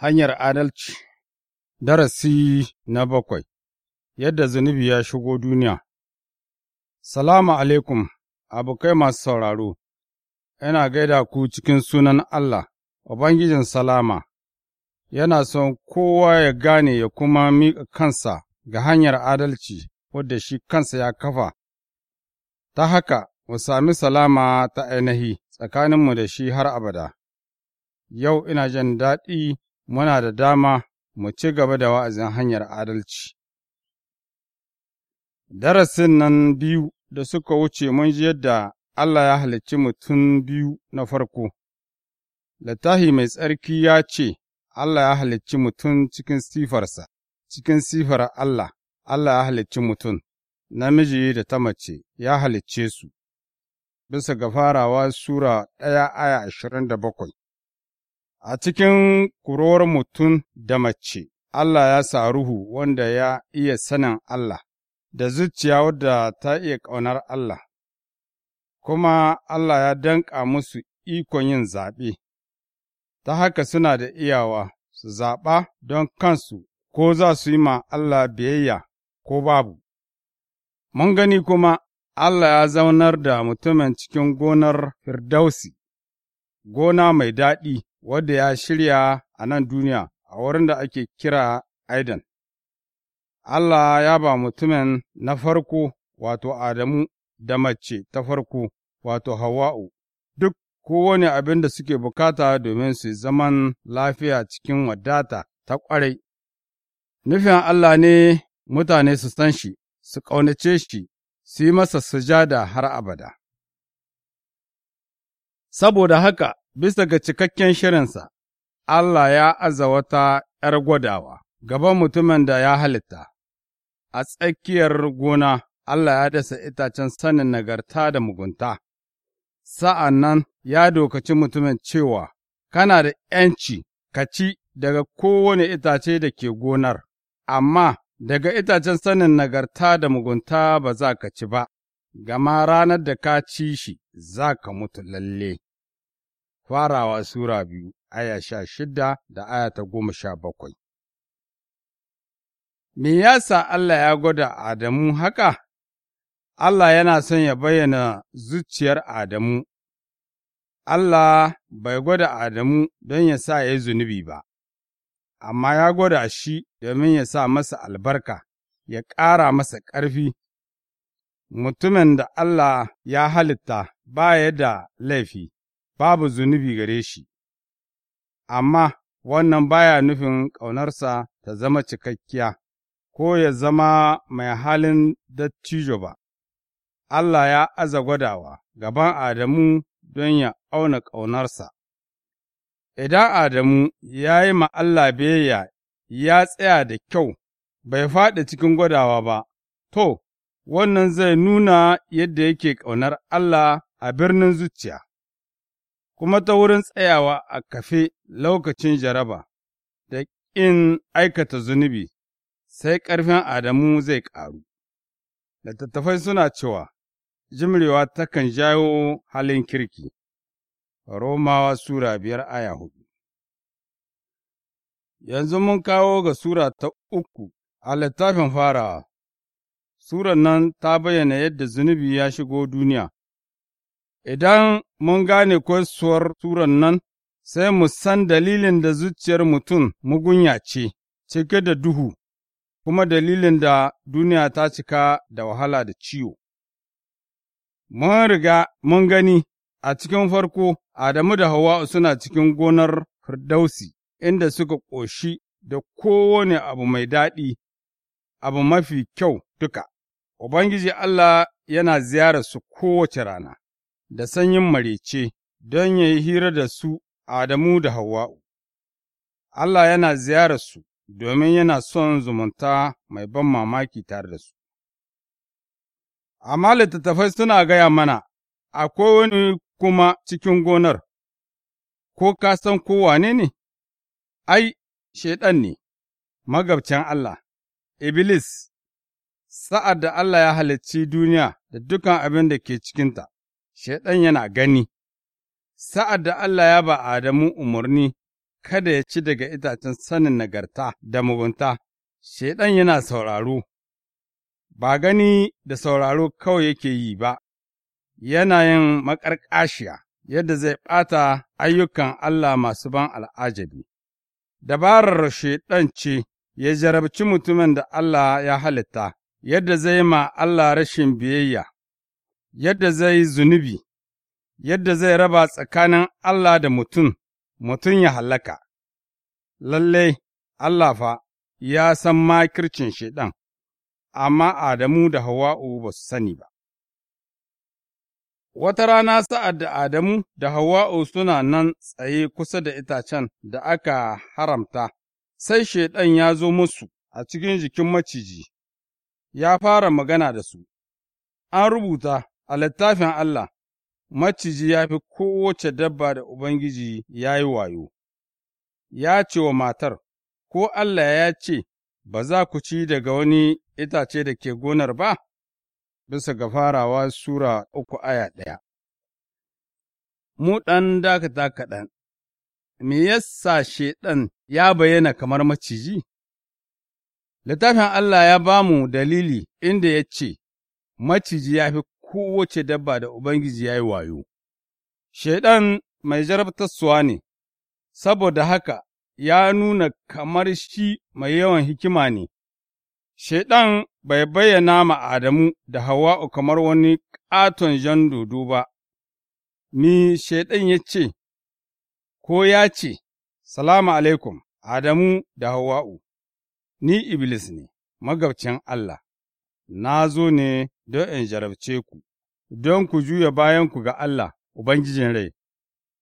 Hanyar Adalci Darasi na bakwai Yadda zunubi ya shigo duniya Salamu alaikum, abokai masu sauraro, yana gaida ku cikin sunan Allah, Ubangijin Salama, yana son kowa ya gane ya kuma miƙa kansa ga hanyar adalci wadda shi kansa ya kafa, ta haka mu sami salama ta ainihi tsakaninmu da shi har abada. Yau ina jin daɗi muna da dama mu ci gaba da wa'azin hanyar adalci. Darasin nan biyu da suka wuce mun ji yadda Allah ya halicci mutum biyu na farko, littafi mai tsarki ya ce, Allah ya halicci mutum cikin sifarsa, cikin sifar Allah, Allah ya halicci mutum, namiji da ta mace ya halicce su, bisa ga farawa Sura ɗaya aya ashirin da bakwai. a cikin kurowar mutum da mace, Allah ya sa ruhu wanda ya iya sanin Allah, da zuciya wadda ta iya ƙaunar Allah, kuma Allah ya danƙa musu ikon yin zaɓe, ta haka suna da iyawa su zaɓa don kansu ko za su yi ma Allah biyayya ko babu. Mun gani kuma Allah ya zaunar da mutumin cikin gonar Firdausi, gona mai daɗi. wadda ya shirya a nan duniya a wurin da ake kira Aidan. Allah ya ba mutumin na farko wato Adamu da mace ta farko wato Hawa'u duk kowane abin da suke bukata domin su zaman lafiya cikin wadata ta ƙwarai. Nufin Allah ne mutane su san shi, su ƙaunace shi, su yi masa sujada har abada. Saboda haka, bisa ga cikakken shirinsa, Allah ya aza wata ’yar gwadawa gaban mutumin da ya halitta, a tsakiyar gona Allah ya dasa itacen sanin nagarta da mugunta, sa'an nan ya dokaci mutumin cewa, Kana da ’yanci ka ci daga kowane itace da ke gonar, amma daga itacen sanin nagarta da mugunta ba za ka ci ba, gama ranar da ka ci shi za ka mutu lalle. farawa Sura biyu, aya sha shida da aya ta goma sha bakwai. Me ya sa Allah ya gwada Adamu haka? Allah yana son ya bayyana zuciyar Adamu, Allah bai gwada Adamu don ya sa ya yi zunubi ba, amma ya gwada shi domin ya sa masa albarka, ya ƙara masa ƙarfi. Mutumin da Allah ya halitta ba da laifi, babu zunubi gare shi, amma wannan baya nufin ƙaunarsa ta zama cikakkiya, ko ya zama mai halin dattijo ba, Allah ya aza gwadawa gaban Adamu don ya auna ƙaunarsa. Idan Adamu ya yi ma Allah biyayya ya tsaya da kyau, bai faɗi cikin gwadawa ba, to, wannan zai nuna yadda yake ƙaunar Allah a birnin zuciya. kuma ta wurin tsayawa a kafe lokacin jaraba, da in aikata zunubi, sai ƙarfin Adamu zai ƙaru. Littattafai suna cewa, jimrewa takan jawo halin kirki, Romawa Sura biyar aya hudu. Yanzu mun kawo ga Sura ta uku a littafin farawa, Suran nan ta bayyana yadda zunubi ya shigo duniya. Idan mun gane kwasuwar turan nan, sai mu san dalilin da zuciyar mutum mugunya ce, cike da duhu, kuma dalilin da duniya ta cika da wahala da ciwo. Mun riga mun gani a cikin farko, Adamu da Hauwa suna cikin gonar Firdausi, inda suka ƙoshi da kowane abu mai daɗi, abu mafi kyau duka, Ubangiji Allah yana ziyararsu kowace rana. da sanyin marece don ya yi hira da su Adamu da Hawwa'u. Allah yana ziyararsu domin yana son zumunta mai ban mamaki tare da su. Amma littattafai suna gaya mana, akwai wani kuma cikin gonar, ko ka san ko ne? Ai, Shaiɗan ne, magabcin Allah, Iblis, sa'ad da Allah ya halicci duniya da dukan abin da ke cikinta. Shaiɗan yana gani, sa'ad da Allah ya ba Adamu umarni kada ya ci daga itacen sanin nagarta da mugunta, Shaiɗan yana sauraro, ba gani da sauraro kawai yake yi ba, yana yin maƙarƙashiya yadda zai ɓata ayyukan Allah masu ban al'ajabi. Dabarar Shaiɗan ce ya jarabci mutumin da Allah ya halitta, yadda zai ma Allah rashin biyayya yadda zai zunubi, yadda zai raba tsakanin Allah da mutum, mutum ya hallaka. Lalle, Allah fa ya san makircin Shaiɗan, amma Adamu da Hawa'u ba su sani ba. Wata rana sa'ad da Adamu da Hawa'u suna nan tsaye kusa da itacen da aka haramta, sai Shaiɗan ya zo musu a cikin jikin maciji, ya fara magana da su, an rubuta a littafin Allah, maciji ya fi kowace dabba da Ubangiji ya yi wayo, ya ce wa matar, Ko Allah ya ce, Ba za ku ci daga wani itace da ke gonar ba? Bisa ga farawa Sura uku aya ɗaya. Mu ɗan dakata kaɗan, me yasa Shaiɗan ya bayyana kamar maciji? Littafin Allah ya bamu dalili inda ya ce, Maciji ya fi kowace dabba da Ubangiji ya yi wayo. Shaiɗan mai jarabtarsuwa ne, saboda haka ya nuna kamar shi mai yawan hikima ne, Shaiɗan bai bayyana ma Adamu da Hawa'u kamar wani ƙaton jan dodo ba, ni Shaiɗan ya ce, ko ya ce, Salamu alaikum, Adamu da Hawa'u, ni Iblis ne, magabcin Allah, na zo ne don in jarabce ku, don ku juya bayanku ga Allah, Ubangijin rai,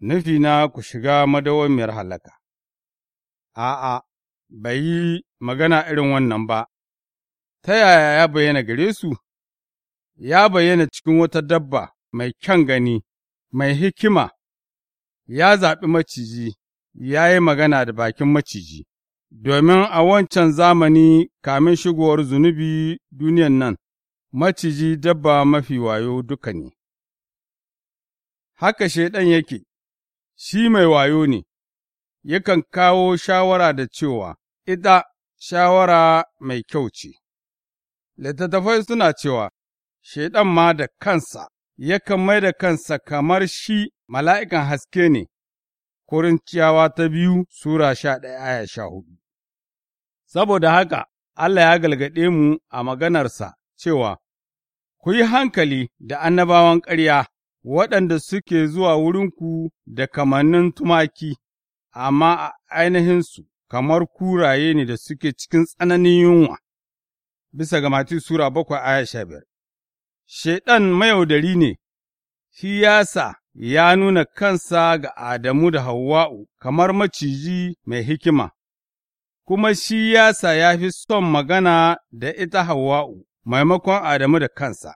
nufina ku shiga madawamiyar halaka. A'a, bai yi magana irin wannan ba, ta yaya ya bayyana gare su? Ya bayyana cikin wata dabba mai kyan gani, mai hikima, ya zaɓi maciji, ya yi magana da bakin maciji. domin a wancan zamani kamin shigowar zunubi duniyan nan, maciji dabba mafi wayo duka ne. Haka Shaiɗan yake, shi mai wayo ne, yakan kawo shawara da cewa, ita shawara mai kyau ce. Littattafai suna cewa, Shaiɗan ma da kansa yakan mai da kansa kamar shi mala'ikan haske ne, ciyawa ta biyu Sura sha ɗaya aya sha hudu. Saboda haka, Allah ya galgade mu a maganarsa cewa, Ku yi hankali da annabawan ƙarya waɗanda suke zuwa wurinku da kamannin tumaki, amma a ainihinsu kamar kuraye ne da suke cikin tsananin yunwa, bisa ga Mati Sura bakwai aya sha biyar. Shaiɗan mayaudari ne, shi yasa ya nuna kansa ga Adamu da Hawwa'u kamar maciji mai hikima, kuma shi yasa ya fi son magana da ita Hawwa'u maimakon Adamu da kansa,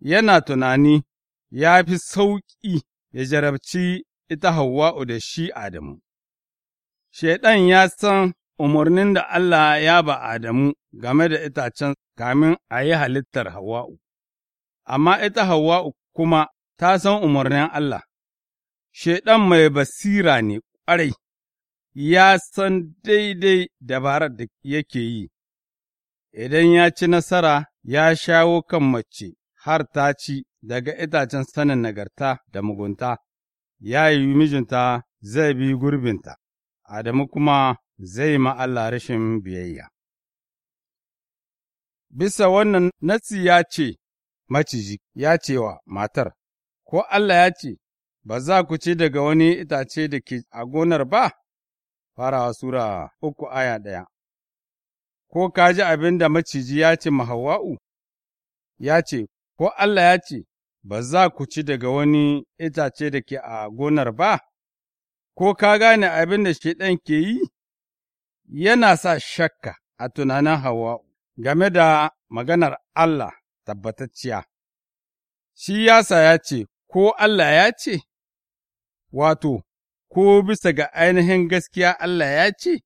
yana tunani ya fi sauƙi ya jarabci ita Hawwa'u da shi Adamu. Shaiɗan ya san umarnin da Allah ya ba Adamu game da itacen kamin a yi halittar Hawwa'u, amma ita Hawwa'u kuma ta san umarnin Allah, Shaiɗan mai basira ne ƙwarai, ya san daidai dabarar da yake yi, idan ya ci nasara ya shawo kan mace har ta ci daga itacen sanin nagarta da mugunta, ya yi mijinta zai bi gurbinta, Adamu kuma zai ma Allah rashin biyayya. Bisa wannan natsi ya ce, Maciji ya ce wa matar, Ko Allah ya ce, Ba za ku ci daga wani itace da ke a gonar ba? Farawa Sura uku aya ɗaya. ko ka ji abin da maciji ya ce mahawa'u? Ya ce, Ko Allah ya ce, Ba za ku ci daga wani itace da ke a gonar ba, ko ka gane abin da Shaiɗan ke yi? Yana sa shakka a tunanin Hawa'u game da maganar Allah tabbatacciya. Shi yasa ya ce, Ko Allah ya ce? Wato, ko bisa ga ainihin gaskiya Allah ya ce?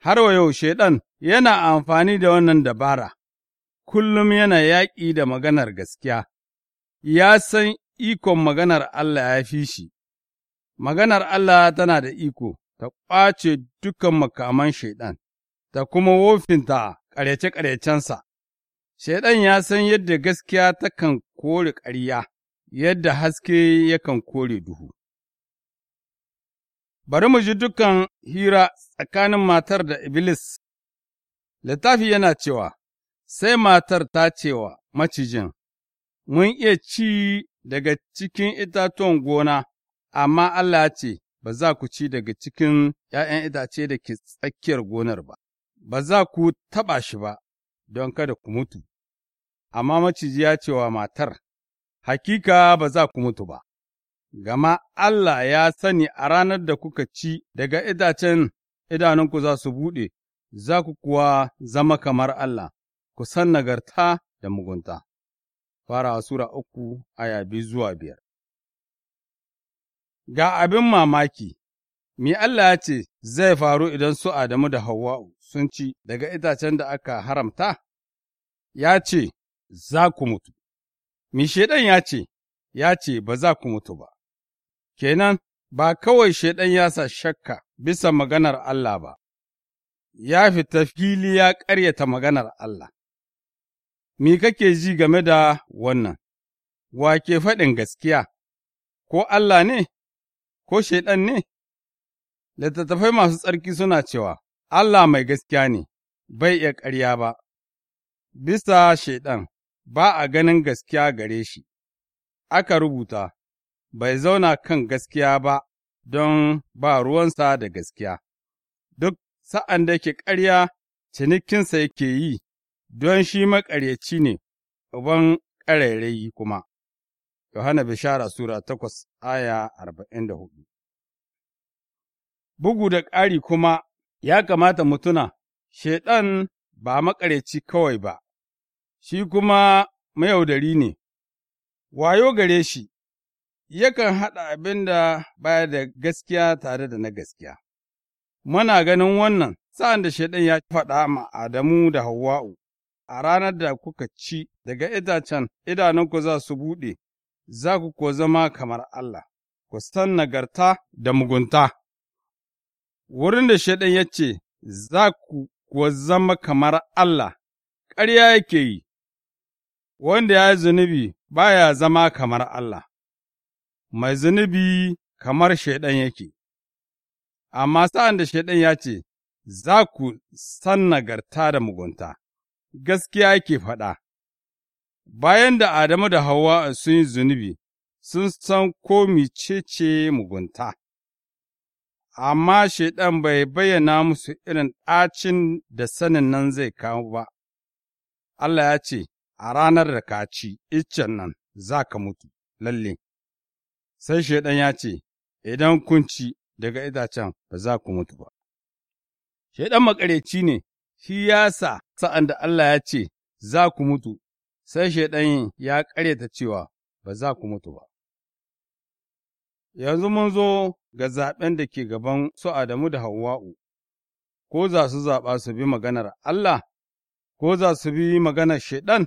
har wa yau Shaiɗan yana amfani da wannan dabara, kullum yana yaƙi da maganar gaskiya, ya san ikon maganar Allah ya fi shi, maganar Allah tana da iko ta ƙwace dukan makaman Shaiɗan, ta kuma wofinta ƙarece-ƙarecensa. Shaiɗan ya san yadda gaskiya takan kore ƙarya, yadda haske yakan kore duhu. Bari mu ji dukan hira tsakanin matar da Iblis. Littafi yana cewa, Sai matar ta cewa macijin, Mun iya ci daga cikin itatuwan gona, amma Allah ce, Ba za ku ci daga cikin ’ya'yan itace da ke tsakiyar gonar ba, ba za ku taɓa shi ba, don kada ku mutu. Amma maciji ya cewa matar, Hakika ba za ku mutu ba. gama Allah ya sani a ranar da kuka ci daga itacen idanunku za su buɗe, za ku kuwa zama kamar Allah, ku san nagarta da mugunta. Fara Sura uku aya biyu zuwa biyar. Ga abin mamaki, mi Allah ya ce zai faru idan su Adamu da Hawwa'u sun ci daga itacen da aka haramta? Ya ce, Za ku mutu, Mi shaidan ya ce, ya ce, Ba za ku mutu ba. kenan ba kawai Shaiɗan ya sa shakka bisa maganar Allah ba, ya fita fili ya ƙaryata maganar Allah. Me kake ji game da wannan, wa ke faɗin gaskiya, ko Allah ne, ko Shaiɗan ne? Littattafai masu tsarki suna cewa, Allah mai gaskiya ne, bai iya ƙarya ba, bisa Shaiɗan ba a ganin gaskiya gare shi, aka rubuta. bai zauna kan gaskiya ba don ba ruwansa da gaskiya, duk sa'an da yake ƙarya cinikinsa yake yi, don shi maƙaryaci ne, uban ƙarairayi kuma. Yohana Bishara Sura takwas aya arba'in da hudu Bugu da ƙari kuma ya kamata mutuna, Shaiɗan ba maƙaryaci kawai ba, shi kuma mayaudari ne, wayo gare shi yakan haɗa abin da baya da gaskiya tare da na gaskiya. Muna ganin wannan sa'an da Shaiɗan ya faɗa ma Adamu da Hawwa'u, a ranar da kuka ci daga itacen idanunku za su buɗe, za ku ko zama kamar Allah, ku san nagarta da mugunta. Wurin da Shaiɗan ya ce, za ku ko zama kamar Allah, ƙarya yake yi, wanda ya yi zunubi baya zama kamar Allah. mai zunubi kamar Shaiɗan yake, amma sa'an da Shaiɗan ya ce, Za ku san nagarta da mugunta, gaskiya yake faɗa, bayan da Adamu da Hawwa sun yi zunubi, sun san ko ce mugunta, amma Shaiɗan bai bayyana musu irin ɗacin da sanin nan zai kawo ba. Allah ya ce, A ranar da ka ci, iccen nan za ka mutu, lalle. sai Shaiɗan ya ce, Idan kun ci daga itacen ba za ku mutu ba. Shaiɗan makareci ne, shi ya sa sa'an da Allah ya ce, Za ku mutu, sai Shaiɗan ya karyata cewa ba za ku mutu ba. Yanzu mun zo ga zaɓen da ke gaban su Adamu da Hawwa'u, ko za su zaɓa su bi maganar Allah, ko za su bi maganar Shaiɗan,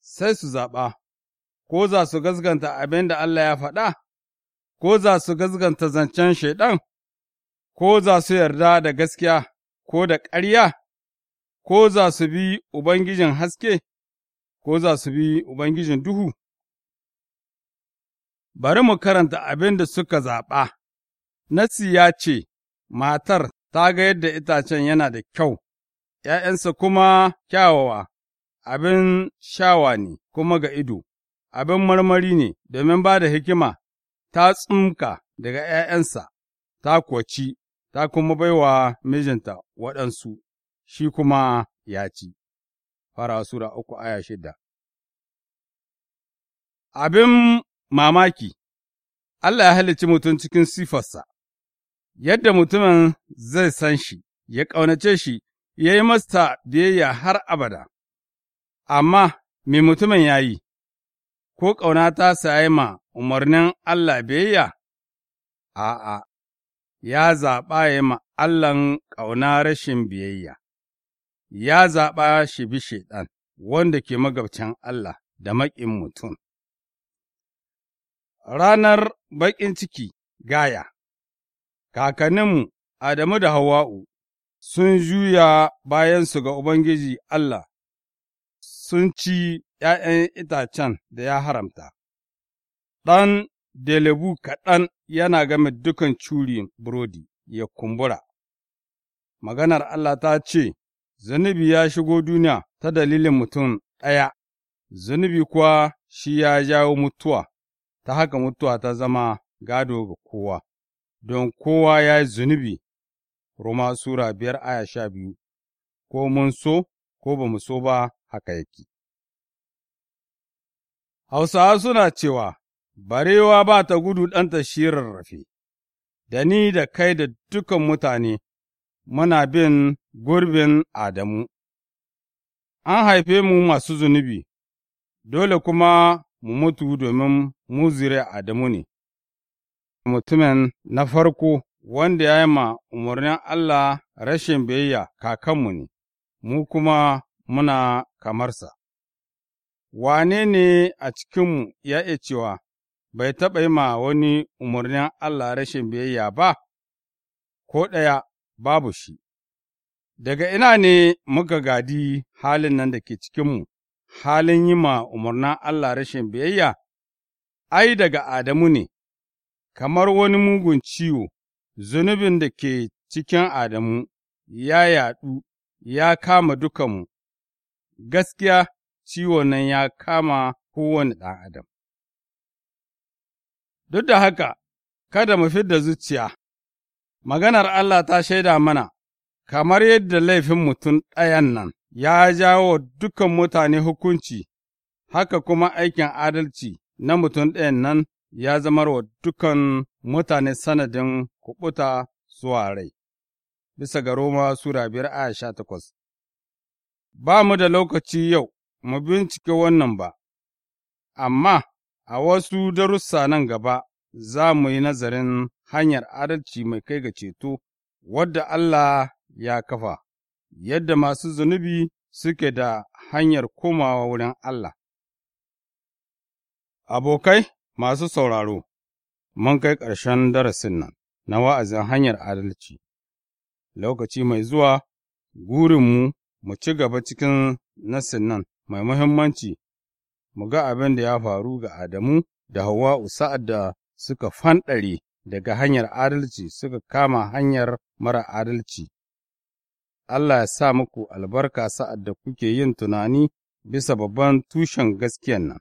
sai su zaɓa, ko za su gaskanta abin da Allah ya faɗa. ko za su gazganta zancen Shaiɗan, ko za su yarda da gaskiya ko da ƙarya, ko za su bi Ubangijin haske, ko za su bi Ubangijin duhu. Bari mu karanta abin da suka zaɓa, Nasi ya ce, Matar ta ga yadda itacen yana da kyau, ’ya'yansa kuma kyawawa, abin shawa ne kuma ga ido, abin marmari ne domin ba da hikima ta tsumka daga ’ya'yansa, ta ci ta kuma baiwa mijinta waɗansu, shi kuma ya ci. Fara Sura uku aya shida Abin mamaki, Allah ya halicci mutum cikin sifarsa, yadda mutumin zai san shi, ya ƙaunace shi, ya yi masta biyayya har abada, amma me mutumin ya yi, ko ƙauna ta sa'aima ma umarnin Allah biyayya? A'a, ya zaɓa ya ma Allahn ƙauna rashin biyayya, ya zaɓa shi bi Shaiɗan, wanda ke magabcin Allah da maƙin mutum. Ranar baƙin ciki gaya Kakanninmu Adamu da Hawa’u sun juya bayansu ga Ubangiji Allah, sun ci ’ya'yan itacen da ya haramta, ɗan delebu kaɗan yana game dukan curi burodi ya kumbura. Maganar Allah ta ce, Zunubi ya shigo duniya ta dalilin mutum ɗaya, zunubi kuwa shi ya jawo mutuwa, ta haka mutuwa ta zama gado ga kowa, don kowa ya yi zunubi. Roma Sura biyar aya sha biyu, ko mun so ko ba mu so ba haka yake. Hausawa suna cewa, Barewa ba ta gudu ɗanta shirar rafi, da ni da kai da dukan mutane muna bin gurbin Adamu. An haife mu masu zunubi, dole kuma mu mutu domin mu zire Adamu ne, mutumin na farko wanda ya yi ma umarnin Allah rashin biyayya kakanmu ne, mu kuma muna kamarsa. wane ne a cikinmu ya iya cewa bai taɓa yi ma wani umarnin Allah rashin biyayya ba, ko ɗaya babu shi, daga ina ne muka gadi halin nan da ke cikinmu, halin yi ma umarnin Allah rashin biyayya, ai, daga Adamu ne, kamar wani mugun ciwo, zunubin da ke cikin Adamu ya yaɗu ya kama dukanmu, gaskiya ciwon nan ya kama kowane ɗan adam. Duk da haka, kada mu fidda zuciya, maganar Allah ta shaida mana, kamar yadda laifin mutum ɗayan nan ya jawo dukan mutane hukunci, haka kuma aikin adalci na mutum ɗayan nan ya zama wa dukan mutane sanadin kuɓuta zuwa rai. Bisa ga Roma Sura biyar aya sha takwas. Ba mu da lokaci yau mu bincike wannan ba, amma a wasu darussa nan gaba za mu yi nazarin hanyar adalci mai kai ga ceto wadda Allah ya kafa, yadda masu zunubi suke da hanyar komawa wurin Allah. Abokai masu sauraro, mun kai ƙarshen darasin nan na wa'azin hanyar adalci, lokaci mai zuwa gurinmu mu ci gaba cikin nasin nan mai muhimmanci mu ga abin da ya faru ga Adamu da Hawwa'u sa'ad da suka fanɗare daga hanyar adalci suka kama hanyar mara adalci. Allah ya sa muku albarka sa'ad da kuke yin tunani bisa babban tushen gaskiyan nan.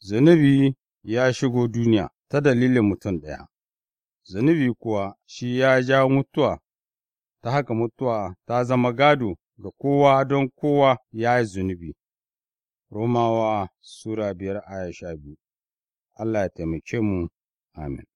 Zunubi ya shigo duniya ta dalilin mutum ɗaya, zunubi kuwa shi ya ja mutuwa, ta haka mutuwa ta zama gado ga kowa don kowa ya yi zunubi. Romawa Sura biyar aya sha biyu Allah ya taimake mu, Amin.